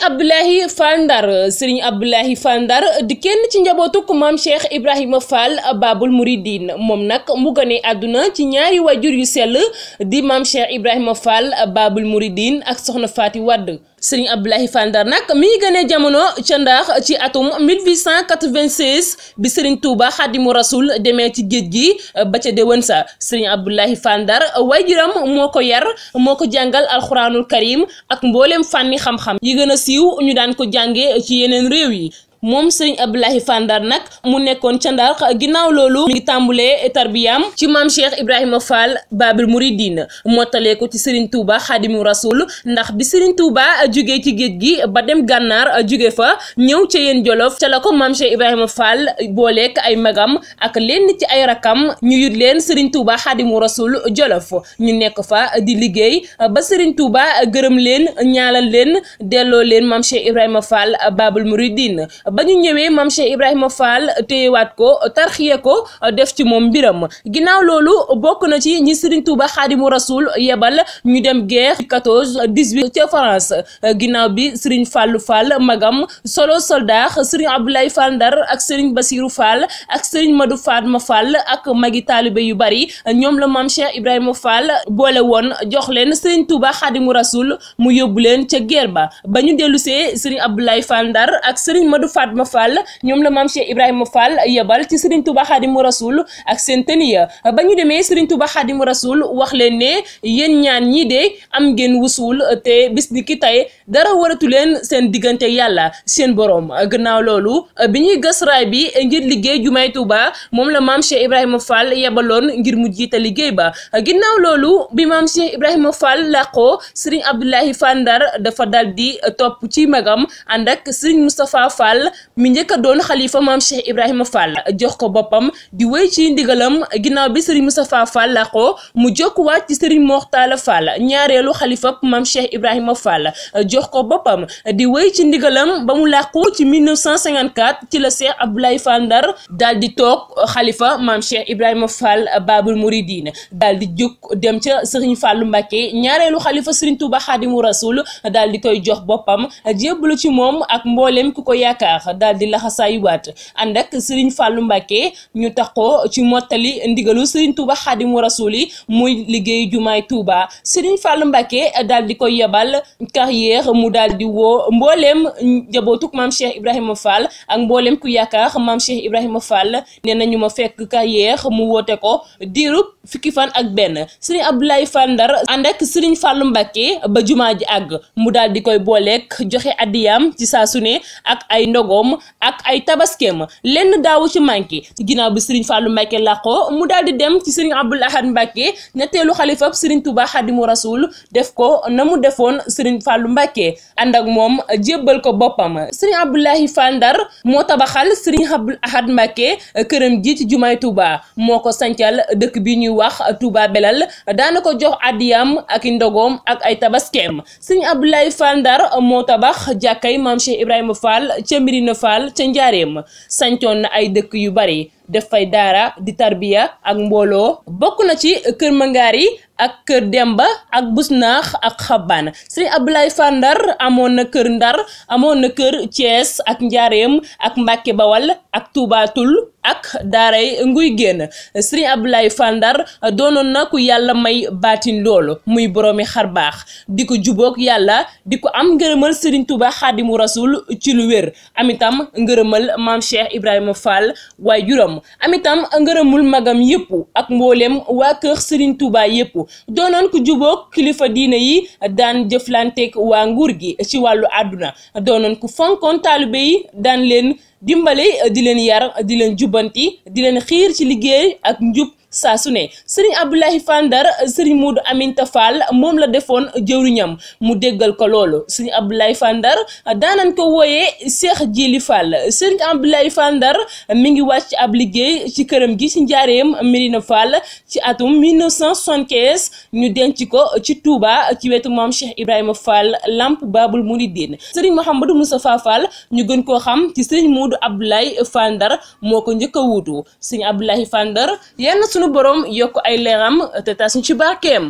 sëriñ Abdoulahi Fall Ndar sëriñ Abdoulahi Fall Ndar di kenn ci njabootu njabootuk maam Cheikh Ibrahima Fall Babul Mouridine moom nag mu gane àdduna ci ñaari waajur yu sell di maam Cheikh Ibrahima Fall Babul Mouridine ak soxna Faati Wadd sëriñ Abdoulaye Fall Ndar nag mi ngi gënee jamono ca ci atum 1896 bi sëriñ Touba Xadimu Rasul demee ci géej gi euh, ba ca déwén sa sëriñ Abdoulaye Fall Ndar euh, waajuram moo ko yar moo ko jàngal alxuraanul karim ak mboolem fànni xam-xam yi gën a siiw ñu daan ko jàngee ci yeneen réew yi moom sëriñ Abdoulaye Fall Ndar nag mu nekkoon ca Ndar ginnaaw loolu mi ngi tàmbulee tarbiyaam ci maam Cheikh Ibrahima Fall Babil Mouridine mottalee ko ci sëriñ Touba Xaadimu Rasul ndax bi sëriñ Touba jugee ci géej gi ba dem gànnaar jóge fa ñëw ca yéen Jolof ca la ko maam Cheikh Ibrahima Fall booleek ay magam ak lenn ci ay rakam ñu yut leen sëriñ Touba Xaadimu Rasul Jolof ñu nekk fa di liggéey ba sëriñ Touba gërëm leen ñaalal leen delloo leen maam Cheikh Ibrahima Fall Babil Mouridine ba ñu ñëwee maam Cheikh Ibrahima Fall téyewaat ko tarxiye ko def ci moom mbiram ginnaaw loolu bokk na ci ñi Serigne Touba Xaadimu Rasul yebal ñu dem guerre 14 18 ca France ginnaaw bi Serigne fal Fall magam solo soldat Serigne Abdoulaye Fall Ndar ak Serigne Bassirou fal ak Serigne Madou Fatma Fall ak magi taalibe yu bari ñoom la maam Cheikh Ibrahima fal boole woon jox leen Serigne Touba Xaadimu Rasul mu yóbbu leen ca guerre ba ba ñu dellusee Serigne Abdoulaye Fall Ndar ak Serigne Madou Fatma Fall ñoom la maam Cheikh Ibrahima Fall yebal ci Serigne Touba Khadimu Rasoul ak seen tëniya ba ñu demee Serigne Touba Khadimu Rasoul wax leen ne yéen ñaan ñii de am ngeen wusul te bis ni ki dara waratu leen seen diggante yàlla seen borom gannaaw loolu bi ñuy gas bi ngir liggéey ju jumaay Tuuba moom la maam Cheikh Ibrahima Fall yebaloon ngir mu jiite liggéey ba ginnaaw loolu bi maam Cheikh Ibrahima Fall làqoo Serigne Abdoulaye Fall Ndar dafa dal di topp ci magam ànd ak Serigne Moustapha Fall mi njëkk doon xalifa maam Cheikh Ibrahima Fall jox ko boppam di wéy ci ndigalam ginnaaw bi Serigne Moustapha Fall mu jokkuwaat ci Serigne Mokhtar Fall ñaareelu xalifa jox ko boppam di wéy ci ndigalam ba mu làqu ci 1954 ci la Cheikh Abdoulaye Fall Ndar daal di toog xalifa maam Cheikh Ibrahima Fall Babul Mouridine daal di jóg dem ca Serigne Fallou Mbacké ñaareelu xalifa Serigne Touba Khadimou Rasoul daal di koy jox boppam jébbalu ci moom ak mboolem ku ko yaakaar daal di laxasaayuwaat ànd ak Serigne Fallou Mbacké ñu taxoo ci mottali ndigalu Serigne Touba Khadimou Rasoul yi muy liggéey jumaay Touba Serigne Fallou Mbacké daal di koy yebal carrière mu daal di woo mbooleem njabootug maam Cheikh Ibrahima Fall ak mbooleem ku yaakaar maam Cheikh Ibrahima Fall nee nañu ma fekk yeex mu woote ko diirub fukki fan ak benn Serigne Abdoulaye Fall Ndar ànd ak Serigne Fallou Mbacké ba jumaa ji àgg mu daal di koy booleek joxe addiyaam ci saa su ne ak ay ndogoom ak ay tabaskeem lenn daawu ci manqué ginnaaw bi Serigne Fallou Mbacké làqoo mu daal di dem ci Serigne Abdoul Ahad Mbacké ñetteelu xalifab Serigne Touba Khadimou Rasoul def Mbacke ànd ak moom jébbal ko boppam sëriñ Abdoulahi Fall Ndar moo tabaxal sëriñ Abdoul Ahad Mbacke euh, këram ji ci jumaay Touba moo ko sancal dëkk bi ñuy wax Touba Belal daana ko jox addiyam ak i ndogoom ak ay tabaskeem sëriñ Abdoulahi Fall Ndar moo tabax jàkkay maam Cheikh Ibrahima Fall ca Mirina Fall ca Njaareem sancoon na ay dëkk yu bari def fay daara di tarbiya ak mbooloo bokk na ci kër Mangaari ak kër Demba ak Busnaax ak Xabaan Serigne Abdoulaye Fall Ndar amoon na kër Ndar amoon na kër Thiès ak Njaareem ak Mbàkke Bawal ak Tuubaatul ak daaray nguy génn sëriñ Abdoulaye Fall Ndar doonoon na ku yàlla may baatin loolu muy boroomi xar baax di ko jubook yàlla di ko am ngërëmal sëriñ Touba xaadimu rasul ci lu wér amitam Ibrahima Fall waaye juróom amitam ngërëmul magam yëpp ak mbooleem waa kër sëriñ Touba yëpp doonoon ku jubook kilifa diine yi daan jëflanteeg waa nguur gi ci wàllu àdduna doonoon ku fonkoon taalibe yi daan leen dimbali di leen yar di leen jubbanti di leen xiir ci liggéey ak njub saa su ne sëriñ Abdoulaye Fall Ndar sëriñ Modou moom la defoon jëwriñam mu déggal ko loolu sëriñ Abdoulaye Fall Ndar daanañ ko wooyee Cheikh Jili Fall sëriñ Abdoulaye Fall Ndar mi ngi wàcc ab liggéey ci këram gi ci njaareem Medina Fall ci atum 1975 ñu denc ko ci Touba ci wetu maam Cheikh Ibrahima Fall Lamp Babul Mouridine sëriñ Mouhamadou Moustapha Fall ñu gën koo xam ci sëriñ Modou Abdoulaye Fall Ndar moo ko njëkk a wuutu sëriñ Abdoulaye Fall Ndar yenn sunu borom yokk ay leeram te tas ñu ci barkeem.